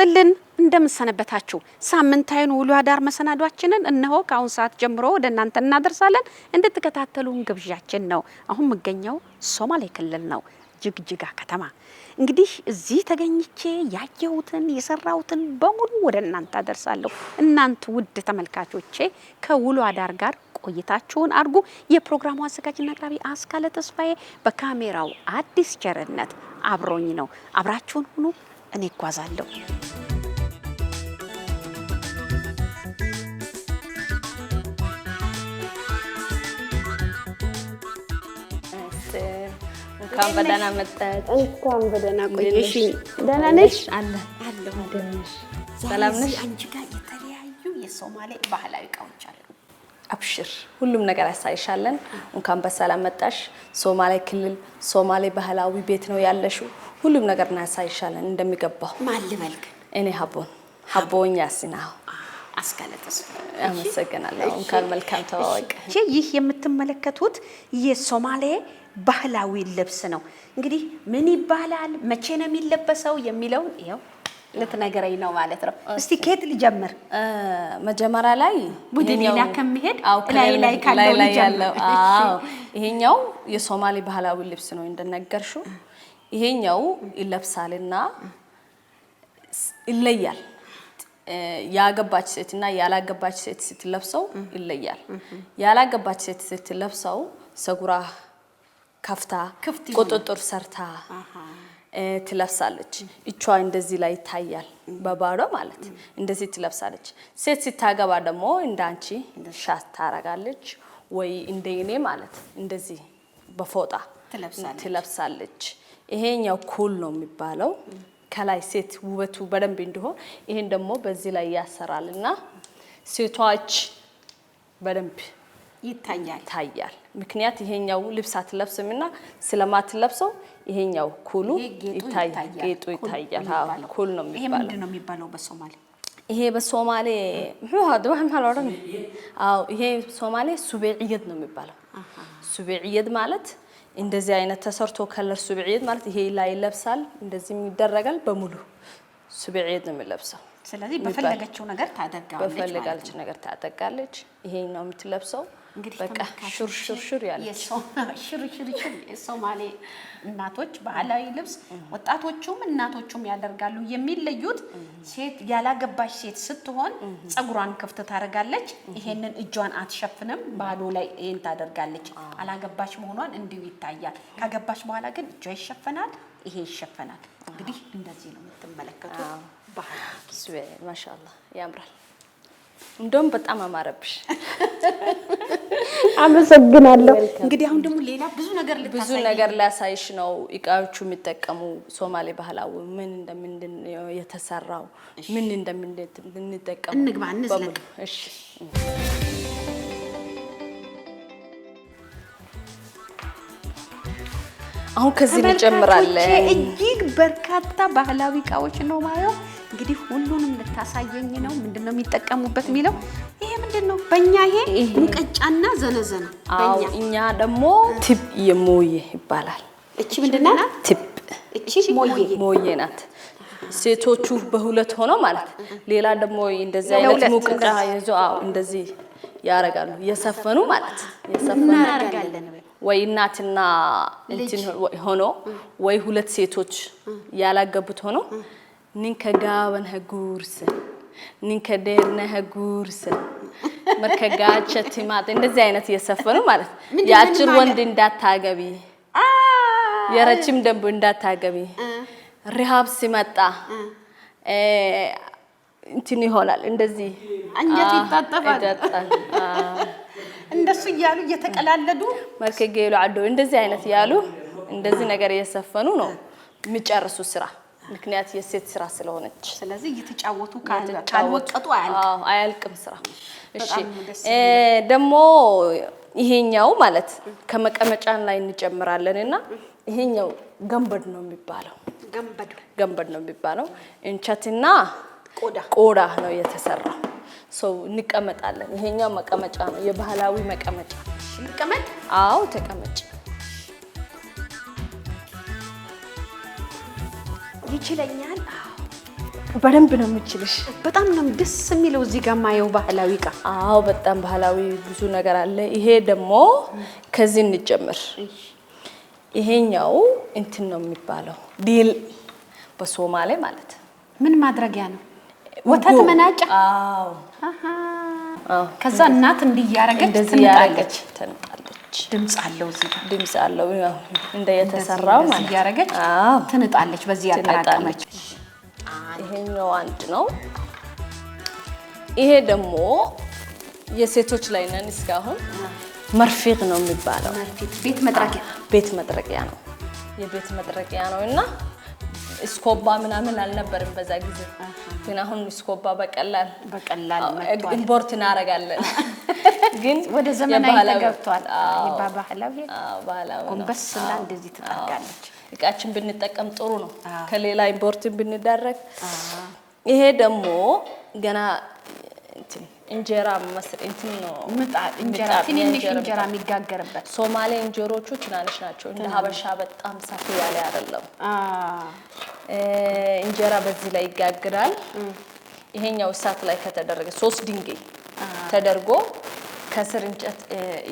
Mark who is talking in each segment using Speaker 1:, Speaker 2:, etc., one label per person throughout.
Speaker 1: ይስጥልን እንደምንሰነበታችሁ ሳምንታዊን ውሎ አዳር መሰናዷችንን እነሆ ከአሁን ሰዓት ጀምሮ ወደ እናንተ እናደርሳለን። እንድትከታተሉን ግብዣችን ነው። አሁን የምገኘው ሶማሌ ክልል ነው፣ ጅግጅጋ ከተማ። እንግዲህ እዚህ ተገኝቼ ያየሁትን የሰራሁትን በሙሉ ወደ እናንተ አደርሳለሁ። እናንተ ውድ ተመልካቾቼ ከውሎ አዳር ጋር ቆይታችሁን አድርጉ። የፕሮግራሙ አዘጋጅና አቅራቢ አስካለ ተስፋዬ፣ በካሜራው አዲስ ቸርነት አብሮኝ ነው። አብራችሁን ሁኑ። እኔ እጓዛለሁ።
Speaker 2: እንኳን በደህና መጣሽ።
Speaker 3: እንኳን በደህና ቆየሽኝ። ደህና ነሽ? አለሁ።
Speaker 1: ሰላም ነሽ? አንቺ ጋር የተለያዩ የሶማሌ ባህላዊ እቃዎች አሉ።
Speaker 2: አብሽር፣ ሁሉም ነገር ያሳይሻለን። እንኳን በሰላም መጣሽ። ሶማሌ ክልል ሶማሌ ባህላዊ ቤት ነው ያለሽው። ሁሉም ነገር እናያሳይሻለን እንደሚገባው። ማን ልበል እኔ ሀቦን ሀቦኝ ያሲናሁ አመሰግናለሁ። እንኳን መልካም ተዋወቅ።
Speaker 1: ይህ የምትመለከቱት የሶማሌ ባህላዊ ልብስ ነው። እንግዲህ ምን ይባላል፣ መቼ ነው የሚለበሰው የሚለውን ይኸው ልትነግረኝ ነው ማለት ነው። እስቲ ከየት ልጀምር?
Speaker 2: መጀመሪያ ላይ
Speaker 1: ወደ ከሚሄድ
Speaker 2: ላይ ላይ ካለው ልጀምር። ይሄኛው የሶማሌ ባህላዊ ልብስ ነው እንደነገርሽው። ይሄኛው ይለብሳልና ይለያል። ያገባች ሴት እና ያላገባች ሴት ስትለብሰው ይለያል። ያላገባች ሴት ስትለብሰው ሰጉራ ከፍታ ቁጥጥር ሰርታ ትለብሳለች። እቿ እንደዚህ ላይ ይታያል፣ በባዶ ማለት እንደዚህ ትለብሳለች። ሴት ሲታገባ ደግሞ እንደ አንቺ ሻት ታረጋለች ወይ እንደ እኔ ማለት እንደዚህ በፎጣ ትለብሳለች። ይሄኛው ኩል ነው የሚባለው ከላይ ሴት ውበቱ በደንብ እንዲሆን ይሄን ደግሞ በዚህ ላይ እና ሴቷች በደንብ ይታያል ይታያል። ምክንያት ይሄኛው ልብስ አትለብስም እና ስለማትለብሰው ይሄኛው ኩሉ ይታያል፣ ጌጡ ይታያል። አዎ ኩል ነው
Speaker 1: የሚባለው ይሄ በሶማሌ
Speaker 2: ይሄ በሶማሌ ማለት አዎ፣ ይሄ ሶማሌ ሱቤዕየድ ነው የሚባለው። ሱቤዕየድ ማለት እንደዚህ አይነት ተሰርቶ ከለር ሱቤዕየድ ማለት ይሄ ላይ ይለብሳል፣ እንደዚህም ይደረጋል። በሙሉ ሱቤዕየድ ነው የሚለብሰው።
Speaker 1: ስለዚህ በፈለገችው ነገር ታደርጋለች፣
Speaker 2: በፈለጋለች ነገር ታጠቃለች። ይሄ ነው የምትለብሰው እንግዲህ ሹርሹርሹር ያለች
Speaker 1: የሶማሌ እናቶች ባህላዊ ልብስ ወጣቶቹም እናቶቹም ያደርጋሉ። የሚለዩት ሴት ያላገባች ሴት ስትሆን ፀጉሯን ክፍት ታደርጋለች። ይሄንን እጇን አትሸፍንም፣ ባዶ ላይ ይሄን ታደርጋለች። አላገባች መሆኗን እንዲሁ ይታያል። ካገባች በኋላ ግን እጇ ይሸፈናል፣ ይሄ ይሸፈናል። እንግዲህ እንደዚህ ነው የምትመለከቱት። ባህል
Speaker 2: ያምራል። እንደውም በጣም አማረብሽ።
Speaker 3: አመሰግናለሁ።
Speaker 1: እንግዲህ አሁን ደግሞ ሌላ ብዙ ነገር ብዙ
Speaker 2: ነገር ላሳይሽ ነው። እቃዎቹ የሚጠቀሙ ሶማሌ ባህላዊ ምን እንደምንድን የተሰራው ምን እንደምንጠቀሙ
Speaker 1: እንግባ። እሺ
Speaker 2: አሁን ከዚህ እንጨምራለን።
Speaker 1: እጅግ በርካታ ባህላዊ እቃዎች ነው ማየው እንግዲህ ሁሉንም ልታሳየኝ ነው። ምንድን ነው የሚጠቀሙበት የሚለው ይሄ ምንድን ነው? በእኛ ይሄ ሙቀጫና ዘነዘነ
Speaker 2: እኛ ደግሞ ቲብ የሞዬ ይባላል።
Speaker 1: እቺ ምንድን ናት? እቺ
Speaker 2: ሞዬ ናት። ሴቶቹ በሁለት ሆነው ማለት ሌላ ደግሞ እንደዚህ አይነት ሙቀጫ ይዞ አዎ፣ እንደዚህ ያረጋሉ የሰፈኑ ማለት የሰፈኑ ወይ እናትና እንትን ሆኖ ወይ ሁለት ሴቶች ያላገቡት ሆኖ ninka gaaban ha guursa ninka dheerና ha ጉርሰ marka ጋቸ ትማጥ እንደዚህ አይነት እየሰፈኑ ማለት የአጭር ወንድ እንዳታገቢ የረጅም ደንብ እንዳታገቢ ረሃብ ሲመጣ እንትን ይሆናል እንደዚህ
Speaker 1: አንጀት ይታጠፋል። እንደሱ እያሉ እየተቀላለዱ
Speaker 2: መርከ ጌሎ አዶ እንደዚህ አይነት ያሉ እንደዚህ ነገር እየሰፈኑ ነው የሚጨርሱ ስራ ምክንያት የሴት ስራ ስለሆነች፣
Speaker 1: ስለዚህ እየተጫወቱ ካልወቀጡ
Speaker 2: አያልቅም ስራ። እሺ ደግሞ ይሄኛው ማለት ከመቀመጫን ላይ እንጨምራለን እና ይሄኛው ገንበድ ነው የሚባለው። ገንበድ ነው የሚባለው እንጨትና ቆዳ ነው የተሰራው። ሰው እንቀመጣለን። ይሄኛው መቀመጫ ነው፣ የባህላዊ መቀመጫ። አዎ ተቀመጭ
Speaker 1: ይችለኛል።
Speaker 3: በደንብ ነው የምችልሽ።
Speaker 1: በጣም ነው ደስ የሚለው። እዚህ ጋር ማየው ባህላዊ እቃ።
Speaker 2: አዎ በጣም ባህላዊ ብዙ ነገር አለ። ይሄ ደግሞ ከዚህ እንጀምር። ይሄኛው እንትን ነው የሚባለው ዲል በሶማሌ ማለት
Speaker 1: ምን ማድረጊያ ነው? ወተት መናጫ። አዎ ከዛ እናት እንዲያረገች
Speaker 2: ትንጣለች።
Speaker 1: ድምጽ አለው እዚህ
Speaker 2: ድምጽ አለው እንደ የተሰራው
Speaker 1: ማለት እያደረገች ትንጣለች። በዚህ ያጠራቀመች
Speaker 2: ይሄኛው አንድ ነው። ይሄ ደግሞ የሴቶች ላይ ነን እስካሁን መርፊቅ ነው የሚባለው ቤት መጥረቂያ ነው። የቤት መጥረቂያ ነው እና ስኮባ ምናምን አልነበርም በዛ ጊዜ። ግን አሁን ስኮባ በቀላል በቀላል ኢምፖርት እናደርጋለን።
Speaker 1: ግን ወደ ዘመናዊ ተገብቷል። ባህላዊ ጎንበስ ብላ እንደዚህ ትጠርጋለች።
Speaker 2: እቃችን ብንጠቀም ጥሩ ነው፣ ከሌላ ኢምፖርትን ብንዳረግ። ይሄ ደግሞ ገና እንጀራ መስል እንትን ነው
Speaker 1: ምጣድ እንጀራ ትንንሽ እንጀራ የሚጋገርበት።
Speaker 2: ሶማሌ እንጀሮቹ ትናንሽ ናቸው፣ እንደ ሀበሻ በጣም ሰፊ ያለ አይደለም። እንጀራ በዚህ ላይ ይጋግራል። ይሄኛው እሳት ላይ ከተደረገ ሶስት ድንጋይ ተደርጎ ከስር እንጨት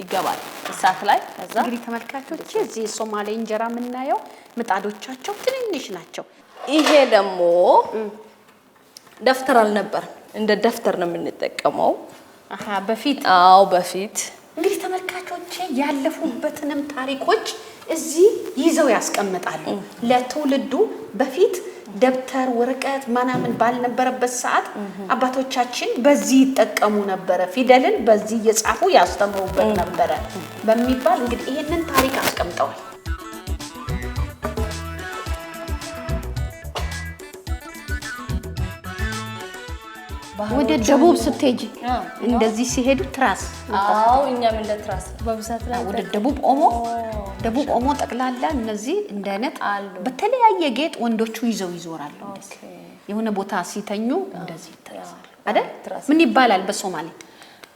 Speaker 2: ይገባል እሳት ላይ።
Speaker 1: ከዛ እንግዲህ ተመልካቾች እዚህ ሶማሌ እንጀራ የምናየው ምጣዶቻቸው ትንንሽ ናቸው።
Speaker 2: ይሄ ደግሞ ደፍተር አልነበርም እንደ ደፍተር ነው የምንጠቀመው። በፊት አዎ፣ በፊት
Speaker 1: እንግዲህ ተመልካቾቼ ያለፉበትንም ታሪኮች እዚህ ይዘው ያስቀምጣሉ ለትውልዱ በፊት ደብተር ወረቀት ምናምን ባልነበረበት ሰዓት አባቶቻችን በዚህ ይጠቀሙ ነበረ፣ ፊደልን በዚህ እየጻፉ ያስተምሩበት ነበረ በሚባል እንግዲህ ይህንን ታሪክ አስቀምጠዋል። ወደ ደቡብ ስትሄጂ እንደዚህ ሲሄዱ ትራስ፣
Speaker 2: አዎ እኛም እንደ ትራስ
Speaker 1: በብዛት ላይ ወደ ደቡብ ኦሞ፣ ደቡብ ኦሞ ጠቅላላ እነዚህ እንደ አይነት አሉ። በተለያየ ጌጥ ወንዶቹ ይዘው ይዞራሉ። የሆነ ቦታ ሲተኙ እንደዚህ ይተራሳሉ አይደል? ምን ይባላል በሶማሌ?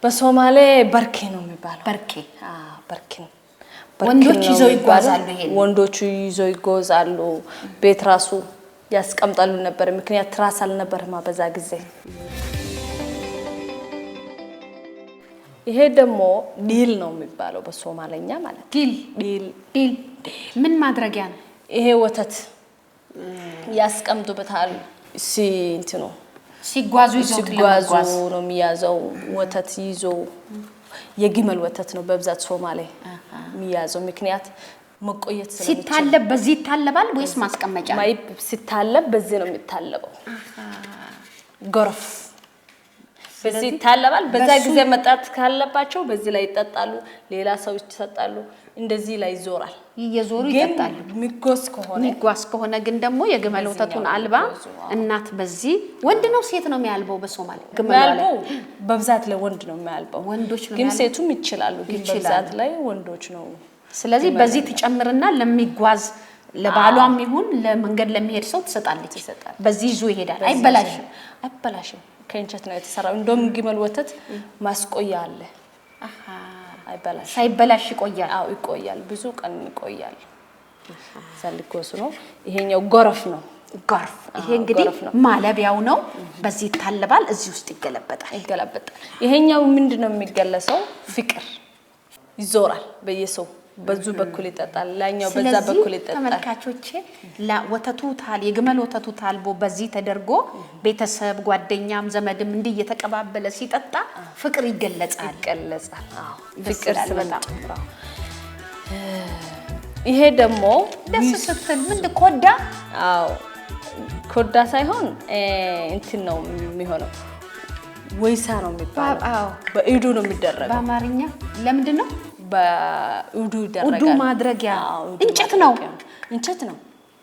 Speaker 2: በሶማሌ በርኬ ነው የሚባለው። በርኬ አዎ፣ በርኬ ነው
Speaker 1: ወንዶቹ ይዘው ይጓዛሉ። ይሄን ወንዶቹ ይዘው ይጓዛሉ።
Speaker 2: ቤት ራሱ ያስቀምጣሉ ነበር። ምክንያት ትራስ አልነበርማ በዛ ጊዜ። ይሄ ደግሞ ዲል ነው የሚባለው በሶማለኛ ማለት ዲል ዲል
Speaker 1: ዲል ምን ማድረጊያ ነው?
Speaker 2: ይሄ ወተት ያስቀምጡበታል። ሲ እንትኑ ሲጓዙ ሲጓዙ ነው የሚያዘው። ወተት ይዞ የግመል ወተት ነው በብዛት ሶማሌ የሚያዘው ምክንያት መቆየት
Speaker 1: ሲታለብ በዚህ ይታለባል ወይስ ማስቀመጫ?
Speaker 2: ማይ ሲታለብ በዚህ ነው የሚታለበው። ጎርፍ በዚህ ይታለባል። በዛ ጊዜ መጣት ካለባቸው በዚህ ላይ ይጠጣሉ፣ ሌላ ሰው ይሰጣሉ። እንደዚህ ላይ ይዞራል፣
Speaker 1: እየዞሩ ይጠጣሉ።
Speaker 2: ሚጓዝ ከሆነ
Speaker 1: ሚጓዝ ከሆነ ግን ደግሞ የግመል ወተቱን አልባ እናት በዚህ ወንድ ነው ሴት ነው የሚያልበው? በሶማሌ
Speaker 2: የሚያልበው በብዛት ላይ ወንድ ነው የሚያልበው። ወንዶች ግን ሴቱም ይችላሉ፣ ግን በብዛት ላይ ወንዶች ነው
Speaker 1: ስለዚህ በዚህ ትጨምርና ለሚጓዝ ለባሏም ይሁን ለመንገድ ለሚሄድ ሰው ትሰጣለች። በዚህ ይዞ ይሄዳል። አይበላሽም፣
Speaker 2: አይበላሽም። ከእንጨት ነው የተሰራው። እንደውም ግመል ወተት ማስቆያ አለ። አይበላሽ
Speaker 1: ሳይበላሽ ይቆያል።
Speaker 2: አዎ ይቆያል፣ ብዙ ቀን ይቆያል። ዘልጎስ ነው ይሄኛው። ጎረፍ ነው
Speaker 1: ጎርፍ። ይሄ እንግዲህ ማለቢያው ነው። በዚህ ይታለባል፣ እዚህ ውስጥ ይገለበጣል፣
Speaker 2: ይገለበጣል። ይሄኛው ምንድን ነው የሚገለሰው? ፍቅር ይዞራል በየሰው በዙ በኩል ይጠጣል፣ ላኛው በዛ በኩል ይጠጣል።
Speaker 1: ተመልካቾቼ ወተቱ ታል የግመል ወተቱ ታልቦ በዚህ ተደርጎ ቤተሰብ ጓደኛም ዘመድም እንዲህ እየተቀባበለ ሲጠጣ ፍቅር ይገለጻል
Speaker 2: ይገለጻል። ፍቅር ይሄ ደግሞ
Speaker 1: ደስ ስትል ምን ኮዳ
Speaker 2: ኮዳ ሳይሆን እንትን ነው የሚሆነው ወይሳ ነው የሚባለው። በኢዱ ነው የሚደረገው
Speaker 1: በአማርኛ ለምንድን ነው
Speaker 2: በውዱ ይደረጋል።
Speaker 1: ውዱ ማድረጊያ
Speaker 2: እንጨት ነው እንጨት ነው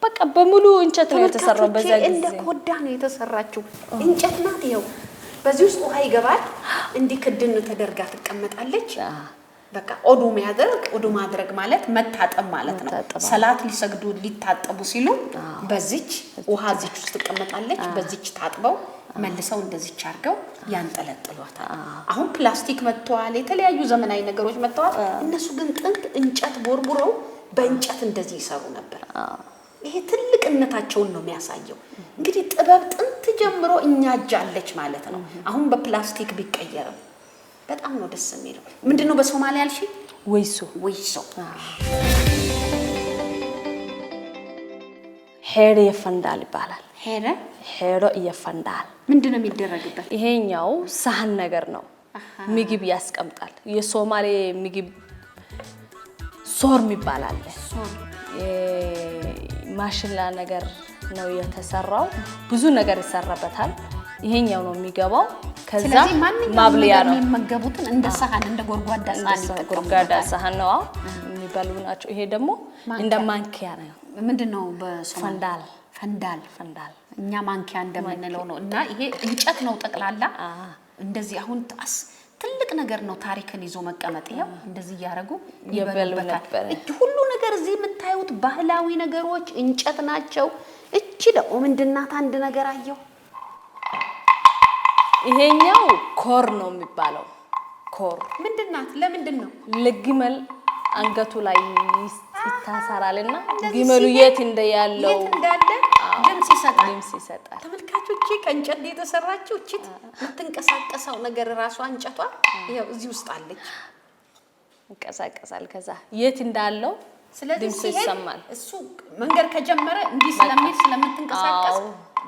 Speaker 2: በቃ በሙሉ እንጨት ነው የተሰራው። በዛ ጊዜ
Speaker 1: እንደ ኮዳ ነው የተሰራችው እንጨት ናት። ይኸው በዚህ ውስጥ ውሃ ይገባል። እንዲህ ክድን ተደርጋ ትቀመጣለች። በቃ ኦዱ የሚያደርግ ኦዱ ማድረግ ማለት መታጠብ ማለት ነው። ሰላት ሊሰግዱ ሊታጠቡ ሲሉ በዚች ውሃ ዚች ውስጥ ትቀመጣለች። በዚች ታጥበው መልሰው እንደዚች አድርገው ያንጠለጥሏታል። አሁን ፕላስቲክ መጥተዋል፣ የተለያዩ ዘመናዊ ነገሮች መጥተዋል። እነሱ ግን ጥንት እንጨት ቦርቡረው በእንጨት እንደዚህ ይሰሩ ነበር። ይሄ ትልቅነታቸውን ነው የሚያሳየው። እንግዲህ ጥበብ ጥንት ጀምሮ እኛ እጃለች ማለት ነው። አሁን በፕላስቲክ ቢቀየርም በጣም ነው ደስ የሚለው። ምንድን ነው በሶማሌ ያልሽ ወይሶ ወይሶ
Speaker 2: ሄር የፈንዳል ይባላል። ሄረ ሄሮ ይፈንዳል።
Speaker 1: ምንድን ነው የሚደረግበት?
Speaker 2: ይሄኛው ሳህን ነገር ነው። ምግብ ያስቀምጣል። የሶማሌ ምግብ ሶር ይባላል። ማሽላ ነገር ነው የተሰራው። ብዙ ነገር ይሰራበታል። ይሄኛው ነው የሚገባው። ከዛ ማብለያ ነው
Speaker 1: የሚመገቡትን። እንደ ሳህን እንደ ጎርጓዳ ሳህን
Speaker 2: ጎርጓዳ ሳህን ነው የሚበሉ ናቸው። ይሄ ደግሞ እንደ ማንኪያ ነው።
Speaker 1: ምንድን ነው በሶማሌ ፈንዳል ፈንዳል ፈንዳል እኛ ማንኪያ እንደምንለው ነው። እና ይሄ እንጨት ነው ጠቅላላ እንደዚህ አሁን ጣስ ትልቅ ነገር ነው። ታሪክን ይዞ መቀመጥ ያው እንደዚህ እያደረጉ
Speaker 2: ይበሉበታል።
Speaker 1: ሁሉ ነገር እዚህ የምታዩት ባህላዊ ነገሮች እንጨት ናቸው። እቺ ደግሞ ምንድናት? አንድ ነገር አየው።
Speaker 2: ይሄኛው ኮር ነው የሚባለው። ኮር
Speaker 1: ምንድናት? ለምንድን ነው
Speaker 2: ለግመል አንገቱ ላይ ይታሰራል እና ግመሉ የት እንደያለው
Speaker 1: የት እንዳለ ድምፅ
Speaker 2: ይሰጣል። ተመልካቾች ከእንጨት የተሰራችው እችት
Speaker 1: የምትንቀሳቀሰው ነገር ራሷ እንጨቷ ይኸው እዚህ ውስጥ አለች፣
Speaker 2: ይንቀሳቀሳል። ከዛ የት እንዳለው
Speaker 1: ድምፁ ይሰማል። እሱ መንገድ ከጀመረ እንዲህ ስለሚል ስለምትንቀሳቀስ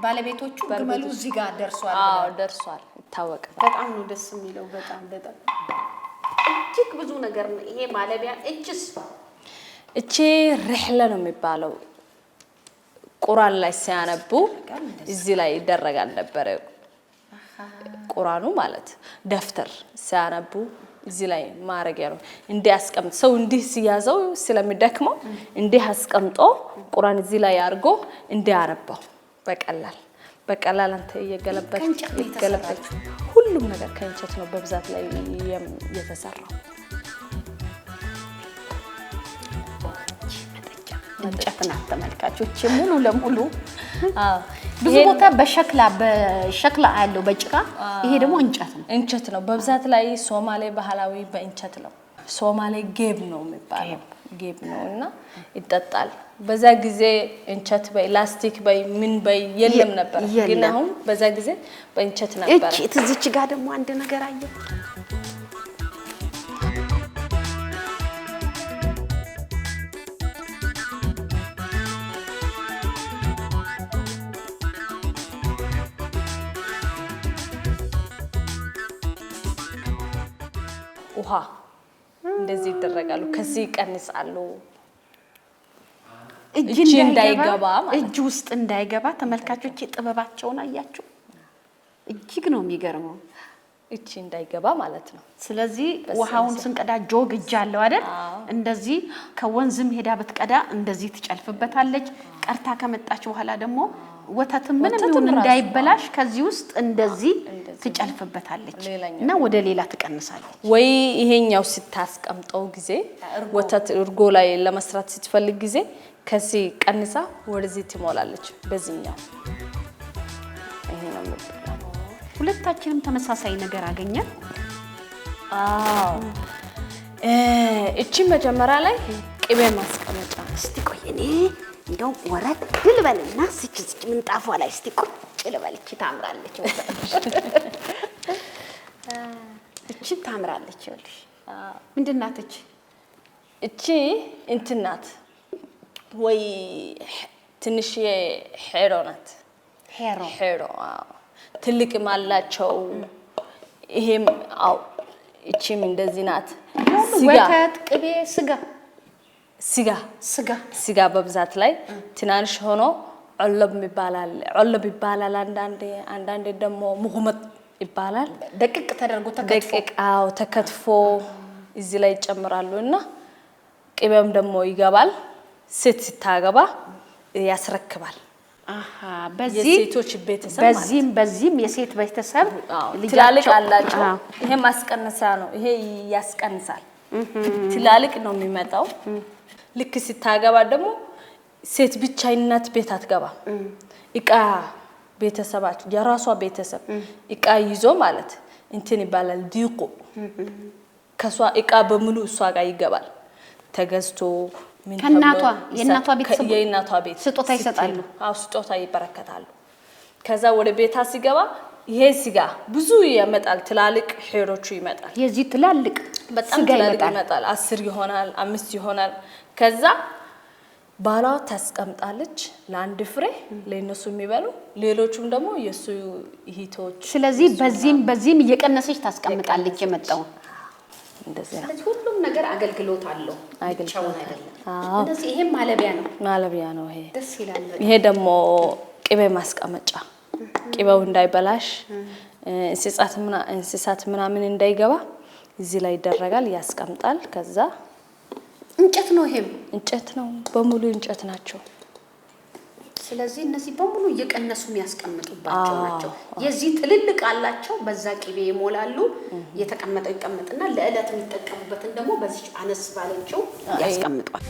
Speaker 1: ባለቤቶቹ ግመሉ እዚህ ጋር ደርሷል።
Speaker 2: ደርሷል፣ ይታወቃል።
Speaker 1: በጣም ነው ደስ የሚለው። በጣም በጣም እጅግ ብዙ ነገር ነው ይሄ ማለቢያ። እችስ
Speaker 2: እቺ ርሕለ ነው የሚባለው ቁራን ላይ ሲያነቡ እዚህ ላይ ይደረጋል ነበረ። ቁራኑ ማለት ደፍተር ሲያነቡ እዚህ ላይ ማድረግ ነው። እንዲህ አስቀምጦ ሰው እንዲህ ሲያዘው ስለሚደክመው እንዲህ አስቀምጦ ቁራን እዚህ ላይ አድርጎ እንዲያነባው አነባው። በቀላል በቀላል አንተ
Speaker 1: እየገለበት ሁሉም ነገር ከእንጨት ነው በብዛት ላይ የተሰራው። እንጨት ናት። ተመልካቾች ሙሉ ለሙሉ ብዙ ቦታ በሸክላ በሸክላ አለው በጭቃ ይሄ ደግሞ እንጨት ነው።
Speaker 2: እንጨት ነው በብዛት ላይ ሶማሌ ባህላዊ በእንጨት ነው። ሶማሌ ጌብ ነው የሚባለው ጌብ ነው እና ይጠጣል። በዛ ጊዜ እንጨት በይ ላስቲክ በይ ምን በይ የለም ነበር፣ ግን አሁን በዛ ጊዜ በእንጨት
Speaker 1: ነበር። እቺ ትዝች ጋር ደግሞ አንድ ነገር አየሁ
Speaker 2: ውሃ እንደዚህ ይደረጋሉ። ከዚህ ይቀንሳሉ።
Speaker 1: እጅ እንዳይገባ እጅ ውስጥ እንዳይገባ። ተመልካቾች ጥበባቸውን አያችሁ፣ እጅግ ነው የሚገርመው።
Speaker 2: እቺ እንዳይገባ ማለት ነው።
Speaker 1: ስለዚህ ውሃውን ስንቀዳ ጆግ እጅ አለው አይደል? እንደዚህ ከወንዝም ሄዳ ብትቀዳ እንደዚህ ትጨልፍበታለች። ቀርታ ከመጣች በኋላ ደግሞ ወተትም ምንም ይሁን እንዳይበላሽ ከዚህ ውስጥ እንደዚህ ትጨልፍበታለች እና ወደ ሌላ ትቀንሳለች።
Speaker 2: ወይ ይሄኛው ስታስቀምጠው ጊዜ ወተት እርጎ ላይ ለመስራት ስትፈልግ ጊዜ ከዚህ ቀንሳ ወደዚህ ትሞላለች። በዚህኛው
Speaker 1: ሁለታችንም ተመሳሳይ ነገር አገኘን።
Speaker 2: አዎ እቺ መጀመሪያ ላይ ቅቤ ማስቀመጫ
Speaker 1: እስቲ ቆይ እኔ እንደውም ወረድ ልበልና ስች ስች ምንጣፏ ላይ እስቲ ቁጭ ልበልች ታምራለች። እቺ ታምራለች። ይኸውልሽ ምንድን ናት እቺ?
Speaker 2: እቺ እንትን ናት ወይ ትንሽ ሄሮ ናት። ሄሮ ሄሮ ትልቅም አላቸው። ይሄም አው እቺም እንደዚህ ናት።
Speaker 1: ወተት፣ ቅቤ፣ ስጋ ስጋ ስጋ
Speaker 2: ስጋ በብዛት ላይ ትናንሽ ሆኖ ኦለብ ይባላል። ኦለብ ይባላል። አንዳንዴ አንዳንዴ ደግሞ ሙሁመት ይባላል።
Speaker 1: ደቅቅ ተደርጎ ተከትፎ
Speaker 2: ደቅቃው ተከትፎ እዚህ ላይ ይጨምራሉ እና ቅቤም ደግሞ ይገባል። ሴት ስታገባ ያስረክባል።
Speaker 1: በዚህም በዚህም የሴት ቤተሰብ
Speaker 2: ትላልቅ አላቸው። ይሄ ማስቀነሳ ነው። ይሄ ያስቀንሳል። ትላልቅ ነው የሚመጣው። ልክ ስታገባ ደግሞ ሴት ብቻ ቤት አትገባ። እቃ ቤተሰባች የራሷ ቤተሰብ እቃ ይዞ ማለት እንትን ይባላል። ዲቁ ከሷ እቃ በሙሉ እሷ ጋር ይገባል። ተገዝቶ ከእናቷ የእናቷ ቤት
Speaker 1: ስጦታ ይሰጣሉ፣
Speaker 2: ስጦታ ይበረከታሉ። ከዛ ወደ ቤታ ሲገባ ይሄ ስጋ ብዙ ይመጣል። ትላልቅ ሄሮቹ ይመጣል።
Speaker 1: የዚህ ትላልቅ በጣም ትላልቅ
Speaker 2: ይመጣል። አስር ይሆናል፣ አምስት ይሆናል። ከዛ ባሏ ታስቀምጣለች ለአንድ ፍሬ ለእነሱ የሚበሉ ሌሎቹም ደግሞ የእሱ ይሂቶች።
Speaker 1: ስለዚህ በዚህም በዚህም እየቀነሰች ታስቀምጣለች የመጣውን። ስለዚህ ሁሉም ነገር አገልግሎት አለው፣ ብቻውን አይደለም። እንደዚህ ይሄም ማለቢያ ነው፣
Speaker 2: ማለቢያ ነው። ይሄ ደስ ይላል። ይሄ ደግሞ ቅቤ ማስቀመጫ ቂበው እንዳይበላሽ እንስሳት ምናምን እንዳይገባ እዚህ ላይ ይደረጋል። ያስቀምጣል። ከዛ
Speaker 1: እንጨት ነው፣ ይሄም
Speaker 2: እንጨት ነው፣ በሙሉ እንጨት ናቸው።
Speaker 1: ስለዚህ እነዚህ በሙሉ እየቀነሱ የሚያስቀምጡባቸው ናቸው። የዚህ ትልልቅ አላቸው፣ በዛ ቅቤ ይሞላሉ። የተቀመጠው ይቀመጥና ለዕለት የሚጠቀሙበትን ደግሞ በዚህ አነስ ባለችው ያስቀምጧል።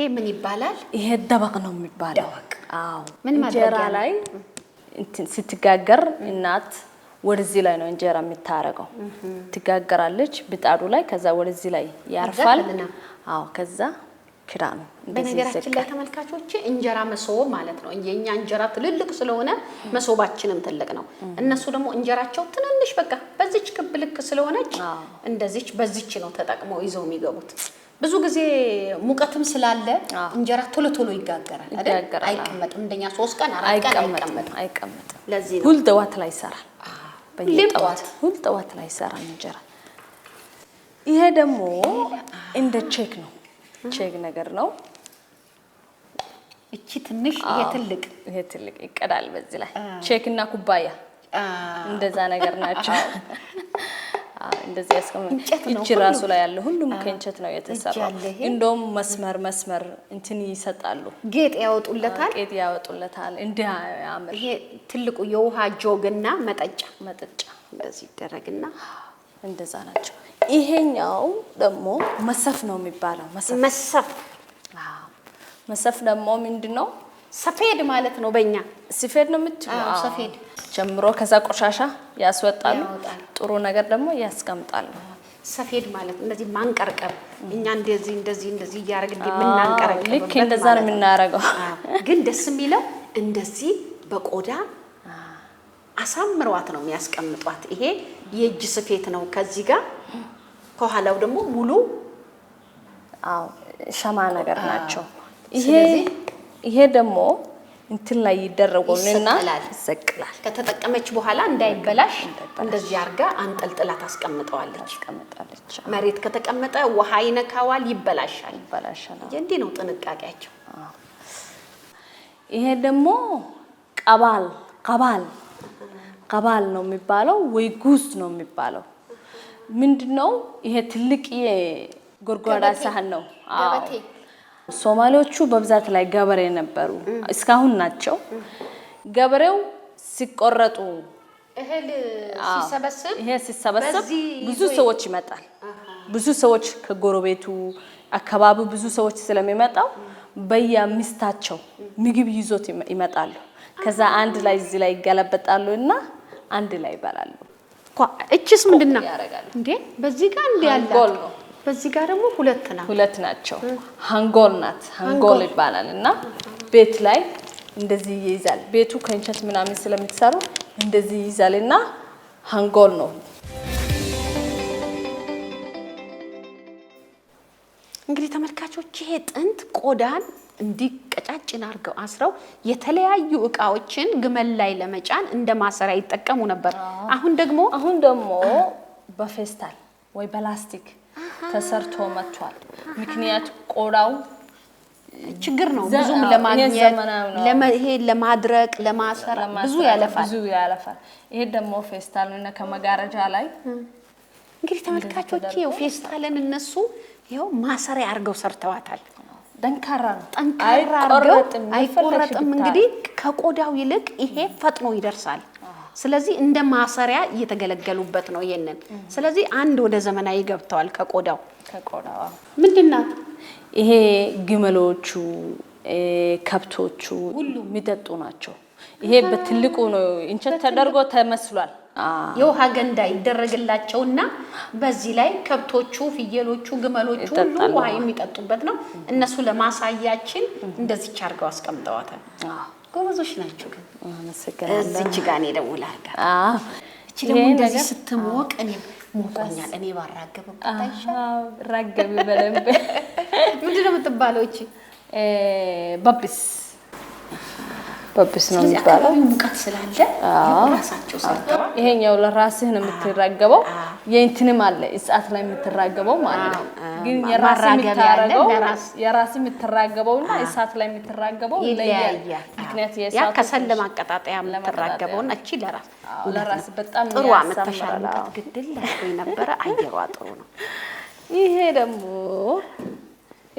Speaker 1: ይሄ ምን ይባላል?
Speaker 2: ይሄ ደባቅ ነው የሚባለው። አዎ ምን እንጀራ ላይ ስትጋገር እናት ወደዚህ ላይ ነው እንጀራ የምታረገው። ትጋገራለች ብጣዱ ላይ፣ ከዛ ወደዚህ ላይ ያርፋል። አዎ ከዛ ክዳኑ
Speaker 1: በነገራችን ላይ ተመልካቾች እንጀራ መሶብ ማለት ነው። የእኛ እንጀራ ትልልቅ ስለሆነ መሶባችንም ትልቅ ነው። እነሱ ደግሞ እንጀራቸው ትንንሽ በቃ በዚች ክብ ልክ ስለሆነች እንደዚች በዚች ነው ተጠቅመው ይዘው የሚገቡት። ብዙ ጊዜ ሙቀትም ስላለ እንጀራ ቶሎ ቶሎ ይጋገራል አይደል? አይቀመጥም። እንደኛ ሶስት ቀን አራት
Speaker 2: ቀን አይቀመጥም ለዚህ ሁል ጠዋት ላይ ይሰራል።
Speaker 1: በየጠዋት
Speaker 2: ሁል ጠዋት ላይ ይሰራል እንጀራ። ይሄ ደግሞ እንደ ቼክ ነው፣ ቼክ ነገር ነው።
Speaker 1: እቺ ትንሽ፣ ይሄ ትልቅ፣
Speaker 2: ይሄ ትልቅ ይቀዳል። በዚህ ላይ ቼክ እና ኩባያ እንደዛ ነገር ናቸው። እንደዚህ ያስቀምጥ እጅ ራሱ ላይ ያለ ሁሉም ከእንጨት ነው የተሰራው። እንደውም መስመር መስመር እንትን ይሰጣሉ፣
Speaker 1: ጌጥ ያወጡለታል፣
Speaker 2: ጌጥ ያወጡለታል። እንዲያምር
Speaker 1: ይሄ ትልቁ የውሃ ጆግና መጠጫ መጠጫ በዚህ ይደረግና
Speaker 2: እንደዛ ናቸው። ይሄኛው ደግሞ መሰፍ ነው የሚባለው። መሰፍ መሰፍ ደግሞ ምንድን ነው?
Speaker 1: ሰፌድ ማለት ነው። በእኛ
Speaker 2: ሲፌድ ነው የምትለው። ሰፌድ ጀምሮ ከዛ ቆሻሻ ያስወጣሉ፣ ጥሩ ነገር ደግሞ ያስቀምጣሉ።
Speaker 1: ሰፌድ ማለት እንደዚህ ማንቀርቀብ፣ እኛ እንደዚህ እንደዚህ እንደዚህ እያደረግን የምናንቀረቅብ
Speaker 2: ልክ እንደዛ ነው የምናደርገው። ግን ደስ የሚለው እንደዚህ በቆዳ
Speaker 1: አሳምሯት ነው የሚያስቀምጧት። ይሄ የእጅ ስፌት ነው። ከዚህ ጋር ከኋላው ደግሞ ሙሉ
Speaker 2: ሸማ ነገር ናቸው ይሄ ይሄ ደግሞ እንትን ላይ ይደረጉና
Speaker 1: ይሰቅላል። ከተጠቀመች በኋላ እንዳይበላሽ እንደዚህ አርጋ አንጠልጥላ ታስቀምጠዋለች። መሬት ከተቀመጠ ውሃ ይነካዋል፣ ይበላሻል። ይበላሻል። እንዲህ ነው ጥንቃቄያቸው።
Speaker 2: ይሄ ደግሞ ቀባል ቀባል ቀባል ነው የሚባለው ወይ ጉስ ነው የሚባለው። ምንድነው ይሄ? ትልቅ ጎድጓዳ ሳህን ነው። ሶማሌዎቹ በብዛት ላይ ገበሬ ነበሩ፣ እስካሁን ናቸው። ገበሬው ሲቆረጡ ይሄ ሲሰበሰብ ብዙ ሰዎች ይመጣል። ብዙ ሰዎች ከጎረቤቱ አካባቢው ብዙ ሰዎች ስለሚመጣው በየሚስታቸው ምግብ ይዞት ይመጣሉ። ከዛ አንድ ላይ እዚህ ላይ ይገለበጣሉ እና አንድ ላይ ይበላሉ።
Speaker 1: እችስ ምንድን ነው እንዴ? በዚህ ጋር እንዲ ያለ በዚህ ጋር ደግሞ ሁለት ናት
Speaker 2: ሁለት ናቸው። ሃንጎል ናት ሃንጎል ይባላል እና ቤት ላይ እንደዚህ ይይዛል። ቤቱ ከእንጨት ምናምን ስለምትሰሩ እንደዚህ ይይዛል እና ሃንጎል ነው።
Speaker 1: እንግዲህ ተመልካቾች ይሄ ጥንት ቆዳን እንዲቀጫጭን ቀጫጭን አድርገው አስረው የተለያዩ እቃዎችን ግመል ላይ ለመጫን እንደ ማሰሪያ ይጠቀሙ ነበር። አሁን ደግሞ
Speaker 2: አሁን ደግሞ በፌስታል ወይ በላስቲክ ተሰርቶ መጥቷል። ምክንያት ቆዳው
Speaker 1: ችግር ነው። ብዙም ለማግኘት ይሄ ለማድረቅ ለማሰር ብዙ ያለፋል
Speaker 2: ብዙ ያለፋል። ይሄ ደግሞ ፌስታል ነው ከመጋረጃ ላይ
Speaker 1: እንግዲህ ተመልካቾች ይኸው ፌስታልን እነሱ ይኸው ማሰሪያ አድርገው ሰርተዋታል። ጠንካራ ነው፣ ጠንካራ አድርገው አይቆረጥም። እንግዲህ ከቆዳው ይልቅ ይሄ ፈጥኖ ይደርሳል። ስለዚህ እንደ ማሰሪያ እየተገለገሉበት ነው ይሄንን። ስለዚህ አንድ ወደ ዘመናዊ ገብተዋል። ከቆዳው ከቆዳው ምንድን ናት
Speaker 2: ይሄ ግመሎቹ ከብቶቹ
Speaker 1: ሁሉ የሚጠጡ ናቸው።
Speaker 2: ይሄ በትልቁ ነው እንጨት ተደርጎ ተመስሏል።
Speaker 1: የውሃ ገንዳ ይደረግላቸውና በዚህ ላይ ከብቶቹ፣ ፍየሎቹ፣ ግመሎቹ ሁሉ ውሃ የሚጠጡበት ነው። እነሱ ለማሳያችን እንደዚች አድርገው አስቀምጠዋታል። ጎበዞች ናቸው።
Speaker 2: ግን
Speaker 1: እዚች ጋ እኔ ደግሞ ላርጋ እቺ ደግሞ እንደዚህ ስትሞቅ እኔ ሞቆኛል። እኔ ባራገብ
Speaker 2: ራገብ በደንብ
Speaker 1: ምንድን የምትባለው? እቺ
Speaker 2: ባብስ በብስ ነው የሚባለው።
Speaker 1: ሙቀት ስላለ ራሳቸው ሰርተዋል።
Speaker 2: ይሄኛው ለራስህ ነው የምትራገበው። የእንትንም አለ እጻት ላይ የምትራገበው ማለት ነው። ግን የራስህ የምትራገበው እና እሳት ላይ የምትራገበው
Speaker 1: ይለያል። ምክንያት ያ ከሰል ለማቀጣጠያ የምትራገበው እና እቺ ለራስ
Speaker 2: ለራስ በጣም
Speaker 1: ጥሩ አመተሻል። ሙቀት ግድል ነበረ። አየሯ ጥሩ ነው።
Speaker 2: ይሄ ደግሞ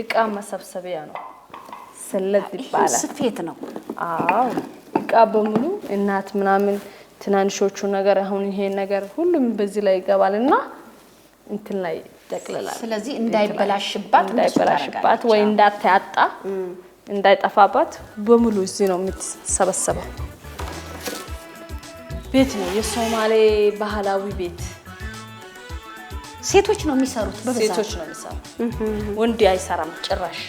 Speaker 2: እቃ መሰብሰቢያ ነው። ሰለጥ ይባላል። ስፌት ነው። አዎ እቃ በሙሉ እናት ምናምን ትናንሾቹ ነገር አሁን ይሄ ነገር ሁሉም በዚህ ላይ ይገባል እና እንትን ላይ ይጠቅልላል። ስለዚህ እንዳይበላሽባት እንዳይበላሽባት ወይ እንዳታያጣ እንዳይጠፋባት በሙሉ እዚህ ነው የምትሰበሰበው። ቤት ነው የሶማሌ ባህላዊ ቤት።
Speaker 1: ሴቶች ነው የሚሰሩት፣
Speaker 2: ሴቶች ነው የሚሰሩት፣ ወንድ አይሰራም ጭራሽ።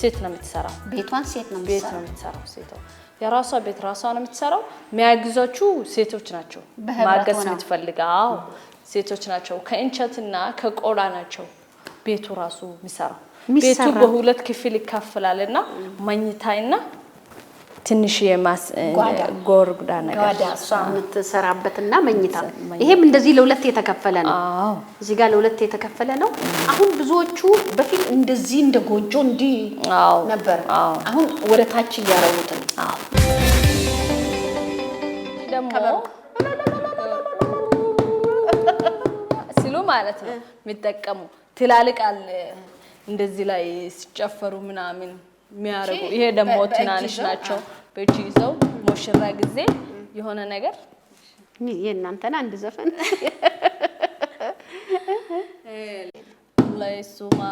Speaker 2: ሴት ነው የምትሰራው።
Speaker 1: ቤቷን ሴት ነው ቤት
Speaker 2: ነው የምትሰራው። ሴቷ የራሷ ቤት ራሷ ነው የምትሰራው። ሚያግዞቹ ሴቶች ናቸው። ማገዝ የምትፈልገው ሴቶች ናቸው። ከእንጨትና ከቆዳ ናቸው ቤቱ ራሱ የሚሰራው። ቤቱ በሁለት ክፍል ይካፈላል እና መኝታይና ትንሽ የማስ ጎርጉዳ ነገር
Speaker 1: ጓዳ እሷ የምትሰራበት እና መኝታ። ይሄም እንደዚህ ለሁለት የተከፈለ ነው። እዚህ ጋር ለሁለት የተከፈለ ነው። አሁን ብዙዎቹ በፊት እንደዚህ እንደ ጎጆ እንዲህ ነበር። አሁን ወደ ታች እያረቡት ነው
Speaker 2: ደግሞ ሲሉ ማለት ነው የሚጠቀሙ ትላልቃል እንደዚህ ላይ ሲጨፈሩ ምናምን የሚያደርጉ ይሄ ደግሞ ትናንሽ ናቸው። በእጅ ይዘው ሙሽራ ጊዜ የሆነ ነገር
Speaker 1: የእናንተን አንድ ዘፈን
Speaker 2: layuma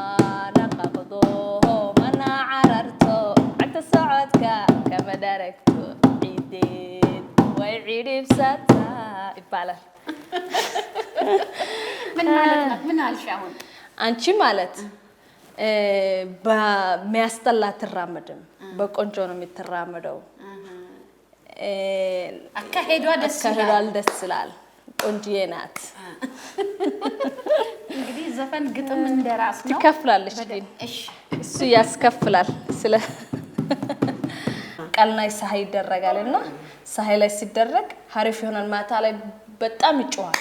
Speaker 2: ይባላል።
Speaker 1: ምን አልሽ አሁን
Speaker 2: አንቺ ማለት በሚያስጠላ አትራመድም። በቆንጆ ነው የምትራመደው።
Speaker 1: አካሄዷ ደስ
Speaker 2: ይላል፣ ደስ ይላል። ቆንጅዬ ናት።
Speaker 1: እንግዲህ ዘፈን ግጥም እንደራስ
Speaker 2: ነው። ትከፍላለች፣ ግን እሱ ያስከፍላል። ስለ ፀሐይ ይደረጋል እና ፀሐይ ላይ ሲደረግ አሪፍ ይሆናል። ማታ ላይ በጣም ይጮሃል።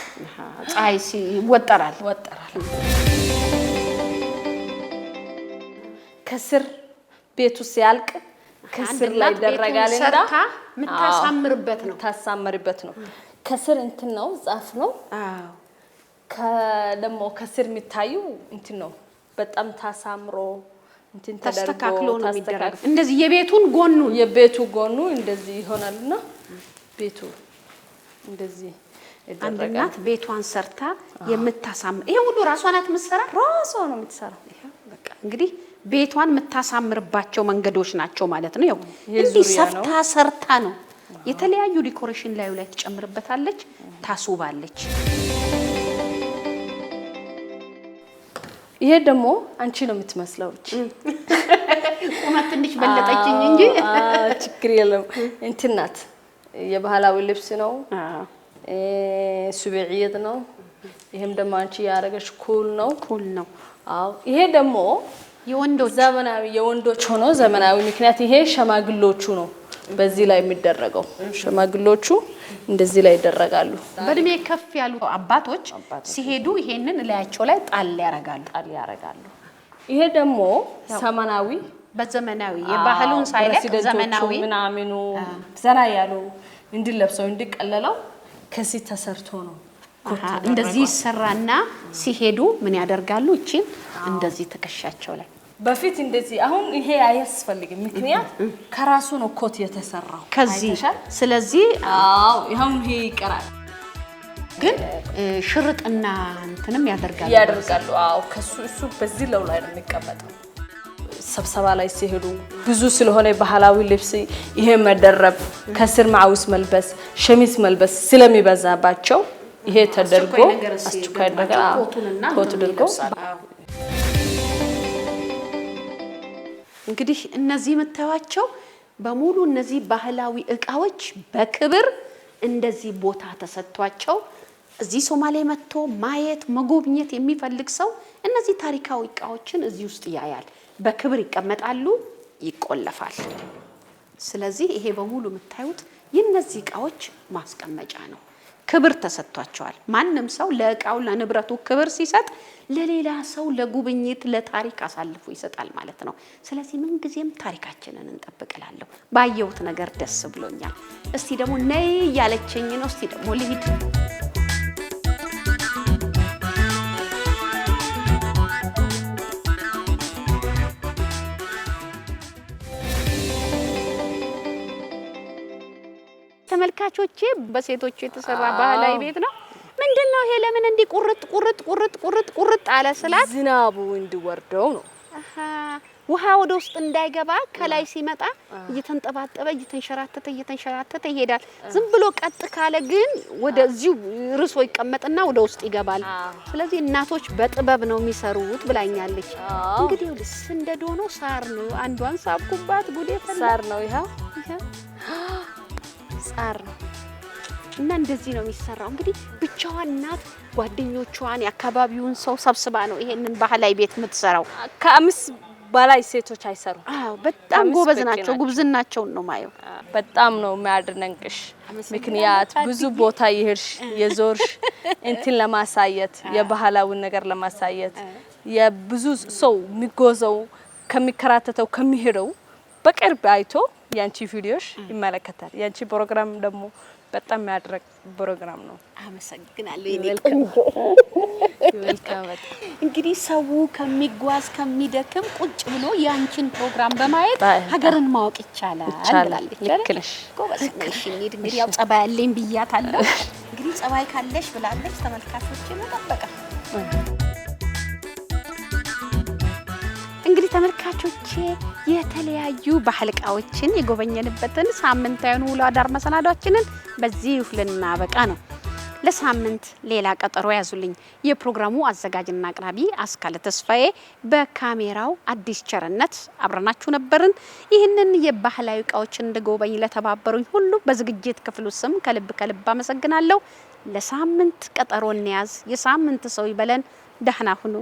Speaker 1: ፀሐይ ይወጠራል፣ ወጠራል
Speaker 2: ከስር ቤቱ ሲያልቅ ከስር ላይ ይደረጋል
Speaker 1: የምታሳምርበት ነው
Speaker 2: ታሳምርበት ነው። ከስር እንትን ነው ዛፍ ነው። ደግሞ ከስር የሚታዩ እንትን ነው በጣም ታሳምሮ
Speaker 1: እንትን ተስተካክሎ ነው የሚደረግ። እንደዚህ የቤቱን ጎኑ
Speaker 2: የቤቱ ጎኑ እንደዚህ ቤቱ እንደዚህ
Speaker 1: አንድ እናት ቤቷን ሰርታ የምታሳምር ይሄ ሁሉ ራሷ ናት የምትሰራ ራሷ ነው የምትሰራ። እንግዲህ ቤቷን የምታሳምርባቸው መንገዶች ናቸው ማለት ነው። ያው እንዲህ ሰፍታ ሰርታ ነው የተለያዩ ዲኮሬሽን ላዩ ላይ ትጨምርበታለች፣ ታስውባለች።
Speaker 2: ይሄ ደግሞ አንቺ ነው የምትመስለው።
Speaker 1: ቁመት ትንሽ በለጠችኝ እንጂ
Speaker 2: ችግር የለም። እንትን ናት። የባህላዊ ልብስ ነው፣ ሱብዕየት ነው። ይሄም ደግሞ አንቺ ያደረገች ኩል ነው፣ ኩል ነው። አዎ ይሄ ደግሞ የወንዶች ዘመናዊ የወንዶች ሆኖ ዘመናዊ ምክንያት ይሄ ሸማግሎቹ ነው በዚህ ላይ የሚደረገው ሸማግሎቹ እንደዚህ ላይ ይደረጋሉ።
Speaker 1: በእድሜ ከፍ ያሉ አባቶች ሲሄዱ ይሄንን እላያቸው ላይ ጣል ያረጋሉ
Speaker 2: ጣል ያረጋሉ። ይሄ ደግሞ ሰመናዊ
Speaker 1: በዘመናዊ የባህሉን ሳይለቅ ዘመናዊ
Speaker 2: ምናምኑ ዘና ያሉ እንዲለብሰው እንዲቀለለው ከዚህ ተሰርቶ ነው።
Speaker 1: እንደዚህ ይሰራና ሲሄዱ ምን ያደርጋሉ? እቺን እንደዚህ ትከሻቸው ላይ
Speaker 2: በፊት እንደዚህ አሁን ይሄ አያስፈልግም። ምክንያት ከራሱ ነው ኮት የተሰራው
Speaker 1: ከዚህ ስለዚህ
Speaker 2: አዎ ይሁን ይሄ ይቀራል፣
Speaker 1: ግን ሽርጥና እንትንም ያደርጋል
Speaker 2: ያደርጋሉ። አዎ ከሱ እሱ በዚህ ለው ላይ ነው የሚቀመጠው። ስብሰባ ላይ ሲሄዱ ብዙ ስለሆነ ባህላዊ ልብስ ይሄ መደረብ፣ ከስር ማውስ መልበስ፣ ሸሚዝ መልበስ ስለሚበዛባቸው ይሄ ተደርጎ አስቸኳይ ነገር ኮት ድርጎ
Speaker 1: እንግዲህ እነዚህ የምታዩቸው በሙሉ እነዚህ ባህላዊ እቃዎች በክብር እንደዚህ ቦታ ተሰጥቷቸው እዚህ ሶማሌ መጥቶ ማየት መጎብኘት የሚፈልግ ሰው እነዚህ ታሪካዊ እቃዎችን እዚህ ውስጥ ያያል። በክብር ይቀመጣሉ፣ ይቆለፋል። ስለዚህ ይሄ በሙሉ የምታዩት የእነዚህ እቃዎች ማስቀመጫ ነው። ክብር ተሰጥቷቸዋል። ማንም ሰው ለእቃው ለንብረቱ ክብር ሲሰጥ ለሌላ ሰው ለጉብኝት ለታሪክ አሳልፎ ይሰጣል ማለት ነው። ስለዚህ ምንጊዜም ታሪካችንን እንጠብቅላለሁ። ባየሁት ነገር ደስ ብሎኛል። እስቲ ደግሞ ነይ እያለችኝ ነው። እስቲ ደግሞ ልሂድ ተመልካቾቼ በሴቶች የተሰራ ባህላዊ ቤት ነው። ምንድን ነው ይሄ? ለምን እንዲህ ቁርጥ ቁርጥ ቁርጥ ቁርጥ ቁርጥ አለ ስላት
Speaker 2: ዝናቡ እንዲወርደው ነው።
Speaker 1: ውሃ ወደ ውስጥ እንዳይገባ ከላይ ሲመጣ እየተንጠባጠበ እየተንሸራተተ እየተንሸራተተ ይሄዳል። ዝም ብሎ ቀጥ ካለ ግን ወደዚሁ ርሶ ይቀመጥና ወደ ውስጥ ይገባል። ስለዚህ እናቶች በጥበብ ነው የሚሰሩት ብላኛለች። እንግዲህ ልስ እንደ ዶኖ ሳር ነው። አንዷን ሳብኩባት ጉዴ
Speaker 2: ሳር ነው ይኸው
Speaker 1: አንጻር ነው እና እንደዚህ ነው የሚሰራው። እንግዲህ ብቻዋን እናት ጓደኞቿን የአካባቢውን ሰው ሰብስባ ነው ይሄንን ባህላዊ ቤት የምትሰራው።
Speaker 2: ከአምስት በላይ ሴቶች አይሰሩ።
Speaker 1: አዎ፣ በጣም ጎበዝ ናቸው። ጉብዝናቸውን ነው ማየው።
Speaker 2: በጣም ነው የሚያድነንቅሽ። ምክንያት ብዙ ቦታ ይሄድሽ የዞርሽ እንትን ለማሳየት የባህላዊ ነገር ለማሳየት የብዙ ሰው የሚጎዘው ከሚከራተተው ከሚሄደው በቅርብ አይቶ ያንቺ ቪዲዮሽ ይመለከታል። ያንቺ ፕሮግራም ደግሞ በጣም ያድረግ ፕሮግራም ነው።
Speaker 1: አመሰግናለሁ። የኔ ቆንጆ እንግዲህ ሰው ከሚጓዝ ከሚደክም ቁጭ ብሎ ያንቺን ፕሮግራም በማየት ሀገርን ማወቅ ይቻላል ይቻላል። ልክ ነሽ። እንሂድ እንግዲህ ያው ጸባይ አለኝ ብያታለሁ። እንግዲህ ጸባይ ካለሽ ብላለች። ተመልካቾች መጠበቅ እንግዲህ ተመልካቾቼ የተለያዩ ባህል እቃዎችን የጎበኘንበትን ሳምንታዊን ውሎ አዳር መሰናዷችንን በዚሁ ልናበቃ ነው። ለሳምንት ሌላ ቀጠሮ ያዙልኝ። የፕሮግራሙ አዘጋጅና አቅራቢ አስካለ ተስፋዬ፣ በካሜራው አዲስ ቸርነት አብረናችሁ ነበርን። ይህንን የባህላዊ እቃዎችን እንድጎበኝ ለተባበሩኝ ሁሉ በዝግጅት ክፍሉ ስም ከልብ ከልብ አመሰግናለሁ። ለሳምንት ቀጠሮ እንያዝ። የሳምንት ሰው ይበለን። ደህና ሁኑ።